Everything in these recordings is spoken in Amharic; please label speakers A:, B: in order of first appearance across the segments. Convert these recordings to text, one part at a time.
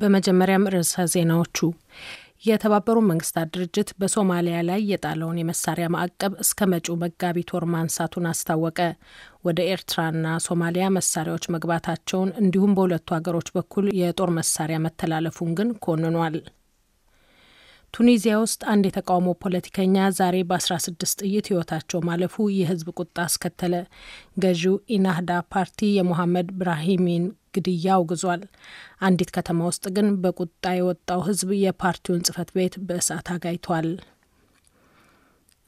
A: በመጀመሪያም ርዕሰ ዜናዎቹ የተባበሩ መንግስታት ድርጅት በሶማሊያ ላይ የጣለውን የመሳሪያ ማዕቀብ እስከ መጪው መጋቢት ወር ማንሳቱን አስታወቀ። ወደ ኤርትራና ሶማሊያ መሳሪያዎች መግባታቸውን እንዲሁም በሁለቱ ሀገሮች በኩል የጦር መሳሪያ መተላለፉን ግን ኮንኗል። ቱኒዚያ ውስጥ አንድ የተቃውሞ ፖለቲከኛ ዛሬ በ16 ጥይት ህይወታቸው ማለፉ የህዝብ ቁጣ አስከተለ። ገዢው ኢናህዳ ፓርቲ የሞሐመድ ብራሂሚን ግድያ አውግዟል። አንዲት ከተማ ውስጥ ግን በቁጣ የወጣው ህዝብ የፓርቲውን ጽህፈት ቤት በእሳት አጋይቷል።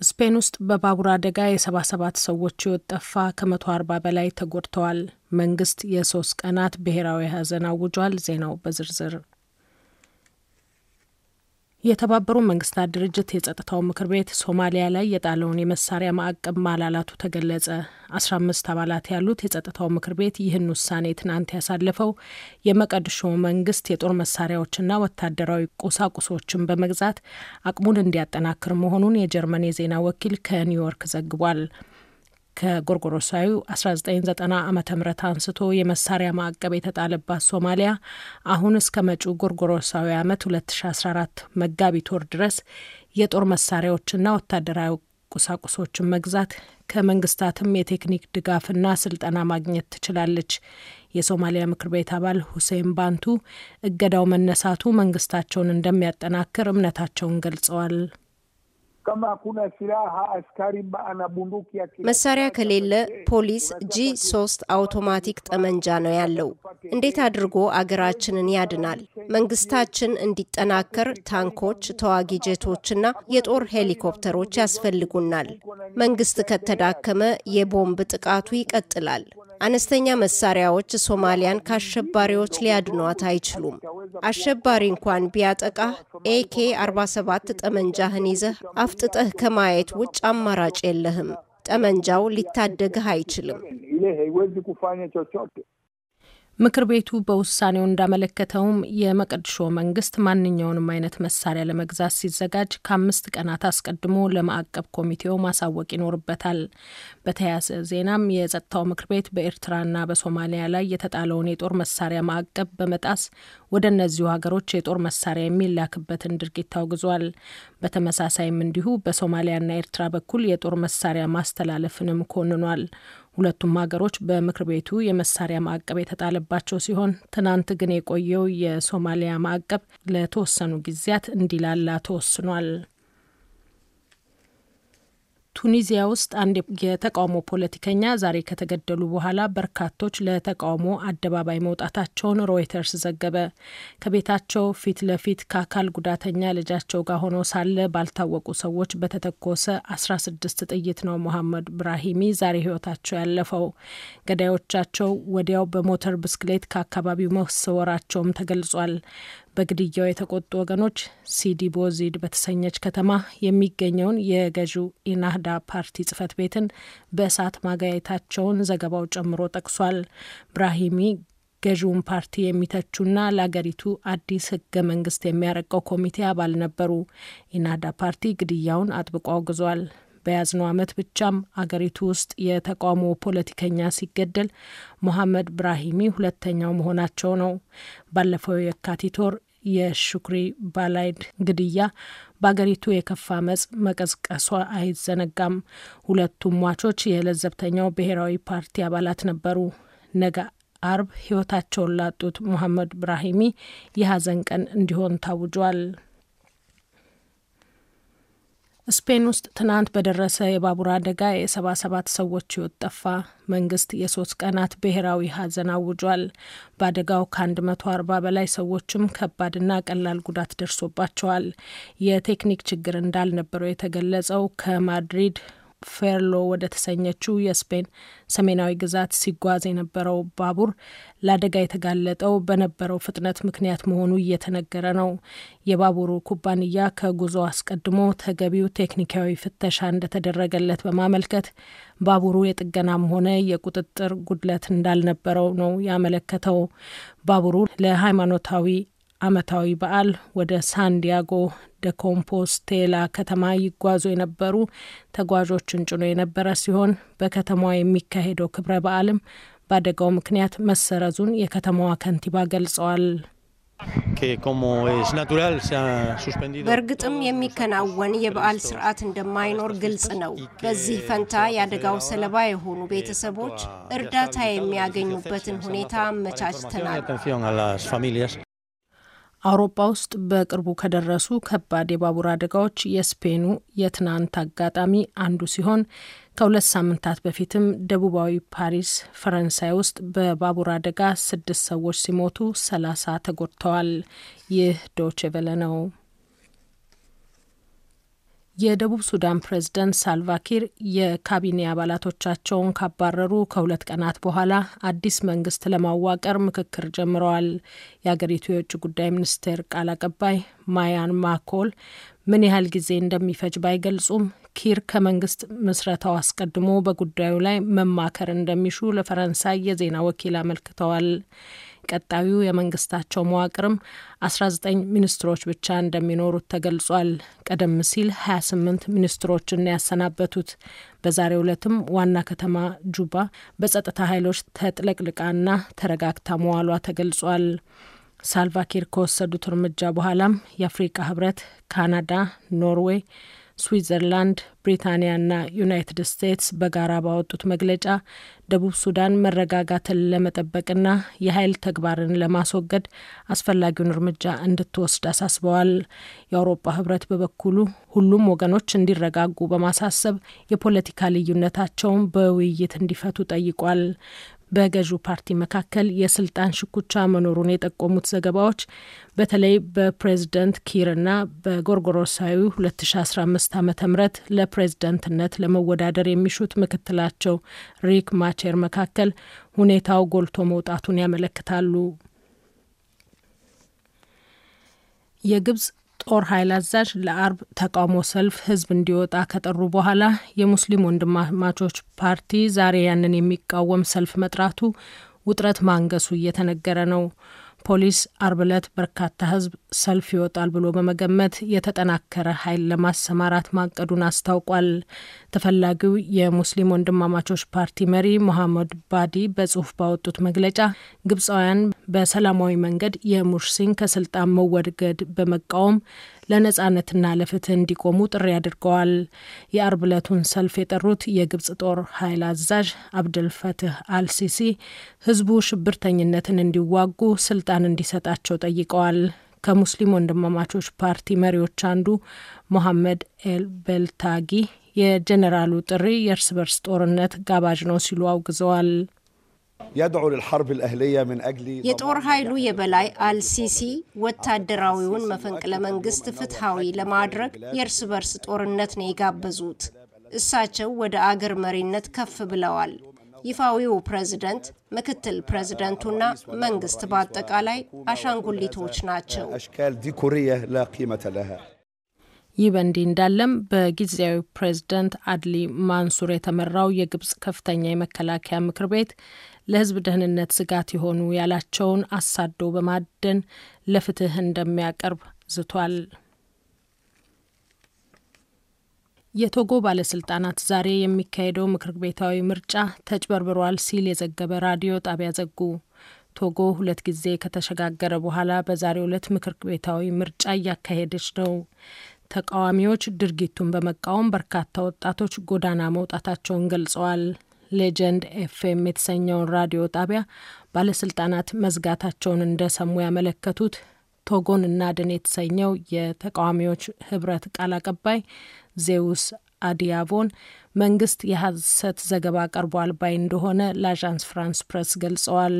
A: ስፔን ውስጥ በባቡር አደጋ የሰባሰባት ሰዎች ህይወት ጠፋ ከመቶ አርባ በላይ ተጎድተዋል። መንግስት የሶስት ቀናት ብሔራዊ ሀዘን አውጇል። ዜናው በዝርዝር የተባበሩ መንግስታት ድርጅት የጸጥታው ምክር ቤት ሶማሊያ ላይ የጣለውን የመሳሪያ ማዕቀብ ማላላቱ ተገለጸ። አስራ አምስት አባላት ያሉት የጸጥታው ምክር ቤት ይህን ውሳኔ ትናንት ያሳለፈው የመቀድሾ መንግስት የጦር መሳሪያዎችና ወታደራዊ ቁሳቁሶችን በመግዛት አቅሙን እንዲያጠናክር መሆኑን የጀርመን የዜና ወኪል ከኒውዮርክ ዘግቧል። ከጎርጎሮሳዊ 1990 ዓ ም አንስቶ የመሳሪያ ማዕቀብ የተጣለባት ሶማሊያ አሁን እስከ መጪው ጎርጎሮሳዊ ዓመት 2014 መጋቢት ወር ድረስ የጦር መሳሪያዎችና ወታደራዊ ቁሳቁሶችን መግዛት ከመንግስታትም የቴክኒክ ድጋፍና ስልጠና ማግኘት ትችላለች። የሶማሊያ ምክር ቤት አባል ሁሴን ባንቱ እገዳው መነሳቱ መንግስታቸውን እንደሚያጠናክር እምነታቸውን ገልጸዋል።
B: መሳሪያ ከሌለ ፖሊስ ጂ ሶስት አውቶማቲክ ጠመንጃ ነው ያለው። እንዴት አድርጎ አገራችንን ያድናል? መንግስታችን እንዲጠናከር ታንኮች፣ ተዋጊ ጄቶችና የጦር ሄሊኮፕተሮች ያስፈልጉናል። መንግስት ከተዳከመ የቦምብ ጥቃቱ ይቀጥላል። አነስተኛ መሳሪያዎች ሶማሊያን ከአሸባሪዎች ሊያድኗት አይችሉም። አሸባሪ እንኳን ቢያጠቃ ኤኬ 47 ጠመንጃህን ይዘህ አፍጥጠህ ከማየት ውጭ አማራጭ የለህም። ጠመንጃው ሊታደግህ አይችልም።
A: ምክር ቤቱ በውሳኔው እንዳመለከተውም የመቀድሾ መንግስት ማንኛውንም አይነት መሳሪያ ለመግዛት ሲዘጋጅ ከአምስት ቀናት አስቀድሞ ለማዕቀብ ኮሚቴው ማሳወቅ ይኖርበታል። በተያያዘ ዜናም የጸጥታው ምክር ቤት በኤርትራና በሶማሊያ ላይ የተጣለውን የጦር መሳሪያ ማዕቀብ በመጣስ ወደ እነዚሁ ሀገሮች የጦር መሳሪያ የሚላክበትን ድርጊት ታውግዟል። በተመሳሳይም እንዲሁ በሶማሊያና ኤርትራ በኩል የጦር መሳሪያ ማስተላለፍንም ኮንኗል። ሁለቱም ሀገሮች በምክር ቤቱ የመሳሪያ ማዕቀብ የተጣለባቸው ሲሆን ትናንት ግን የቆየው የሶማሊያ ማዕቀብ ለተወሰኑ ጊዜያት እንዲላላ ተወስኗል። ቱኒዚያ ውስጥ አንድ የተቃውሞ ፖለቲከኛ ዛሬ ከተገደሉ በኋላ በርካቶች ለተቃውሞ አደባባይ መውጣታቸውን ሮይተርስ ዘገበ። ከቤታቸው ፊት ለፊት ከአካል ጉዳተኛ ልጃቸው ጋር ሆኖ ሳለ ባልታወቁ ሰዎች በተተኮሰ 16 ጥይት ነው ሞሐመድ ብራሂሚ ዛሬ ሕይወታቸው ያለፈው። ገዳዮቻቸው ወዲያው በሞተር ብስክሌት ከአካባቢው መሰወራቸውም ተገልጿል። በግድያው የተቆጡ ወገኖች ሲዲ ቦዚድ በተሰኘች ከተማ የሚገኘውን የገዢው ኢናህዳ ፓርቲ ጽህፈት ቤትን በእሳት ማጋየታቸውን ዘገባው ጨምሮ ጠቅሷል። ብራሂሚ ገዢውን ፓርቲ የሚተቹና ለአገሪቱ አዲስ ህገ መንግስት የሚያረቀው ኮሚቴ አባል ነበሩ። ኢናህዳ ፓርቲ ግድያውን አጥብቆ አውግዟል። በያዝነው ዓመት ብቻም አገሪቱ ውስጥ የተቃውሞ ፖለቲከኛ ሲገደል ሞሐመድ ብራሂሚ ሁለተኛው መሆናቸው ነው። ባለፈው የካቲት ወር የሹክሪ ባላይድ ግድያ በአገሪቱ የከፋ መጽ መቀዝቀሷ አይዘነጋም። ሁለቱም ሟቾች የለዘብተኛው ብሔራዊ ፓርቲ አባላት ነበሩ። ነገ አርብ ህይወታቸውን ላጡት ሙሐመድ ብራሂሚ የሀዘን ቀን እንዲሆን ታውጇል። ስፔን ውስጥ ትናንት በደረሰ የባቡር አደጋ የሰባሰባት ሰዎች ሕይወት ጠፋ። መንግስት የሶስት ቀናት ብሔራዊ ሐዘን አውጇል። በአደጋው ከአንድ መቶ አርባ በላይ ሰዎችም ከባድና ቀላል ጉዳት ደርሶባቸዋል። የቴክኒክ ችግር እንዳልነበረው የተገለጸው ከማድሪድ ፌርሎ ወደ ተሰኘችው የስፔን ሰሜናዊ ግዛት ሲጓዝ የነበረው ባቡር ለአደጋ የተጋለጠው በነበረው ፍጥነት ምክንያት መሆኑ እየተነገረ ነው። የባቡሩ ኩባንያ ከጉዞ አስቀድሞ ተገቢው ቴክኒካዊ ፍተሻ እንደተደረገለት በማመልከት ባቡሩ የጥገናም ሆነ የቁጥጥር ጉድለት እንዳልነበረው ነው ያመለከተው። ባቡሩ ለሃይማኖታዊ ዓመታዊ በዓል ወደ ሳንዲያጎ ደ ኮምፖስቴላ ከተማ ይጓዙ የነበሩ ተጓዦችን ጭኖ የነበረ ሲሆን በከተማዋ የሚካሄደው ክብረ በዓልም በአደጋው ምክንያት መሰረዙን የከተማዋ ከንቲባ ገልጸዋል። በእርግጥም የሚከናወን የበዓል ስርዓት
B: እንደማይኖር ግልጽ ነው። በዚህ ፈንታ የአደጋው ሰለባ የሆኑ ቤተሰቦች እርዳታ የሚያገኙበትን ሁኔታ አመቻችተናል።
A: አውሮፓ ውስጥ በቅርቡ ከደረሱ ከባድ የባቡር አደጋዎች የስፔኑ የትናንት አጋጣሚ አንዱ ሲሆን ከሁለት ሳምንታት በፊትም ደቡባዊ ፓሪስ ፈረንሳይ ውስጥ በባቡር አደጋ ስድስት ሰዎች ሲሞቱ ሰላሳ ተጎድተዋል። ይህ ዶችቬለ ነው። የደቡብ ሱዳን ፕሬዝደንት ሳልቫኪር የካቢኔ አባላቶቻቸውን ካባረሩ ከሁለት ቀናት በኋላ አዲስ መንግስት ለማዋቀር ምክክር ጀምረዋል። የአገሪቱ የውጭ ጉዳይ ሚኒስቴር ቃል አቀባይ ማያን ማኮል ምን ያህል ጊዜ እንደሚፈጅ ባይገልጹም ኪር ከመንግስት ምስረታው አስቀድሞ በጉዳዩ ላይ መማከር እንደሚሹ ለፈረንሳይ የዜና ወኪል አመልክተዋል። ቀጣዩ የመንግስታቸው መዋቅርም 19 ሚኒስትሮች ብቻ እንደሚኖሩት ተገልጿል። ቀደም ሲል 28 ሚኒስትሮችን ያሰናበቱት በዛሬ ዕለትም ዋና ከተማ ጁባ በጸጥታ ኃይሎች ተጥለቅልቃና ተረጋግታ መዋሏ ተገልጿል። ሳልቫኪር ከወሰዱት እርምጃ በኋላም የአፍሪቃ ህብረት፣ ካናዳ፣ ኖርዌይ ስዊዘርላንድ፣ ብሪታንያና ዩናይትድ ስቴትስ በጋራ ባወጡት መግለጫ ደቡብ ሱዳን መረጋጋትን ለመጠበቅና የኃይል ተግባርን ለማስወገድ አስፈላጊውን እርምጃ እንድትወስድ አሳስበዋል። የአውሮፓ ህብረት በበኩሉ ሁሉም ወገኖች እንዲረጋጉ በማሳሰብ የፖለቲካ ልዩነታቸውን በውይይት እንዲፈቱ ጠይቋል። በገዢው ፓርቲ መካከል የስልጣን ሽኩቻ መኖሩን የጠቆሙት ዘገባዎች በተለይ በፕሬዝደንት ኪርና በጎርጎሮሳዊ 2015 ዓ ም ለፕሬዝደንትነት ለመወዳደር የሚሹት ምክትላቸው ሪክ ማቼር መካከል ሁኔታው ጎልቶ መውጣቱን ያመለክታሉ። የግብጽ ጦር ኃይል አዛዥ ለአርብ ተቃውሞ ሰልፍ ህዝብ እንዲወጣ ከጠሩ በኋላ የሙስሊም ወንድማማቾች ፓርቲ ዛሬ ያንን የሚቃወም ሰልፍ መጥራቱ ውጥረት ማንገሱ እየተነገረ ነው። ፖሊስ አርብ ዕለት በርካታ ሕዝብ ሰልፍ ይወጣል ብሎ በመገመት የተጠናከረ ኃይል ለማሰማራት ማቀዱን አስታውቋል። ተፈላጊው የሙስሊም ወንድማማቾች ፓርቲ መሪ ሞሐመድ ባዲ በጽሁፍ ባወጡት መግለጫ ግብፃውያን በሰላማዊ መንገድ የሙርሲን ከስልጣን መወገድ በመቃወም ለነጻነትና ለፍትህ እንዲቆሙ ጥሪ አድርገዋል። የአርብ ዕለቱን ሰልፍ የጠሩት የግብጽ ጦር ኃይል አዛዥ አብደልፈትህ አልሲሲ ህዝቡ ሽብርተኝነትን እንዲዋጉ ስልጣን እንዲሰጣቸው ጠይቀዋል። ከሙስሊም ወንድማማቾች ፓርቲ መሪዎች አንዱ ሞሐመድ ኤል ቤልታጊ የጀኔራሉ ጥሪ የእርስ በርስ ጦርነት ጋባዥ ነው ሲሉ አውግዘዋል። የጦር
B: ኃይሉ የበላይ አልሲሲ ወታደራዊውን መፈንቅለ መንግስት ፍትሐዊ ለማድረግ የእርስ በርስ ጦርነት ነው የጋበዙት። እሳቸው ወደ አገር መሪነት ከፍ ብለዋል። ይፋዊው ፕሬዝደንት፣ ምክትል ፕሬዝደንቱና መንግስት በአጠቃላይ አሻንጉሊቶች ናቸው።
A: ይህ በእንዲህ እንዳለም በጊዜያዊ ፕሬዝደንት አድሊ ማንሱር የተመራው የግብጽ ከፍተኛ የመከላከያ ምክር ቤት ለህዝብ ደህንነት ስጋት የሆኑ ያላቸውን አሳዶ በማደን ለፍትህ እንደሚያቀርብ ዝቷል። የቶጎ ባለስልጣናት ዛሬ የሚካሄደው ምክር ቤታዊ ምርጫ ተጭበርብሯል ሲል የዘገበ ራዲዮ ጣቢያ ዘጉ። ቶጎ ሁለት ጊዜ ከተሸጋገረ በኋላ በዛሬው ዕለት ምክር ቤታዊ ምርጫ እያካሄደች ነው። ተቃዋሚዎች ድርጊቱን በመቃወም በርካታ ወጣቶች ጎዳና መውጣታቸውን ገልጸዋል። ሌጀንድ ኤፍኤም የተሰኘውን ራዲዮ ጣቢያ ባለስልጣናት መዝጋታቸውን እንደሰሙ ያመለከቱት ቶጎን እናድን የተሰኘው የተቃዋሚዎች ህብረት ቃል አቀባይ ዜውስ አዲያቮን መንግስት የሐሰት ዘገባ ቀርቧል ባይ እንደሆነ ለአዣንስ ፍራንስ ፕሬስ ገልጸዋል።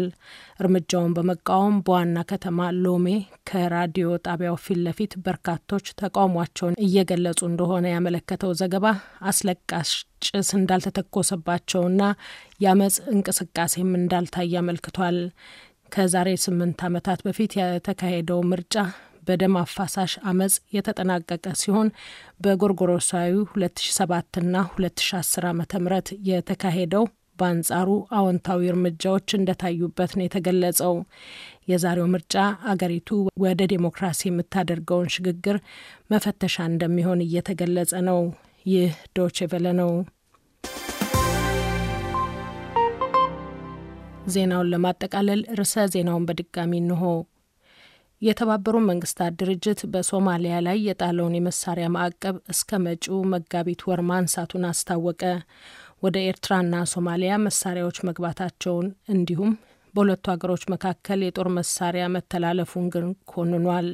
A: እርምጃውን በመቃወም በዋና ከተማ ሎሜ ከራዲዮ ጣቢያው ፊት ለፊት በርካቶች ተቃውሟቸውን እየገለጹ እንደሆነ ያመለከተው ዘገባ አስለቃሽ ጭስ እንዳልተተኮሰባቸውና የአመፅ እንቅስቃሴም እንዳልታይ አመልክቷል። ከዛሬ ስምንት ዓመታት በፊት የተካሄደው ምርጫ በደም አፋሳሽ አመፅ የተጠናቀቀ ሲሆን በጎርጎሮሳዊ 2007ና 2010 ዓ ም የተካሄደው በአንጻሩ አዎንታዊ እርምጃዎች እንደታዩበት ነው የተገለጸው። የዛሬው ምርጫ አገሪቱ ወደ ዴሞክራሲ የምታደርገውን ሽግግር መፈተሻ እንደሚሆን እየተገለጸ ነው። ይህ ዶቼ ቬለ ነው። ዜናውን ለማጠቃለል ርዕሰ ዜናውን በድጋሚ እንሆ የተባበሩ መንግስታት ድርጅት በሶማሊያ ላይ የጣለውን የመሳሪያ ማዕቀብ እስከ መጪው መጋቢት ወር ማንሳቱን አስታወቀ። ወደ ኤርትራና ሶማሊያ መሳሪያዎች መግባታቸውን እንዲሁም በሁለቱ ሀገሮች መካከል የጦር መሳሪያ መተላለፉን ግን ኮንኗል።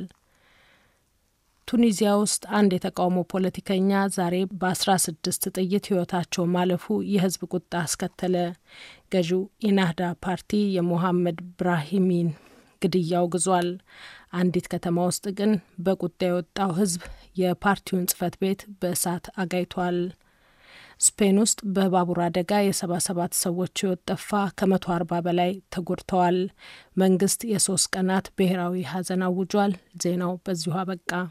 A: ቱኒዚያ ውስጥ አንድ የተቃውሞ ፖለቲከኛ ዛሬ በ16 ጥይት ህይወታቸው ማለፉ የህዝብ ቁጣ አስከተለ። ገዢው ኢናህዳ ፓርቲ የሞሐመድ ብራሂሚን ግድያ አውግዟል። አንዲት ከተማ ውስጥ ግን በቁጣ የወጣው ህዝብ የፓርቲውን ጽህፈት ቤት በእሳት አጋይቷል። ስፔን ውስጥ በባቡር አደጋ የሰባሰባት ሰዎች ህይወት ጠፋ ከመቶ አርባ በላይ ተጎድተዋል። መንግስት የሶስት ቀናት ብሔራዊ ሀዘን አውጇል። ዜናው በዚሁ አበቃ።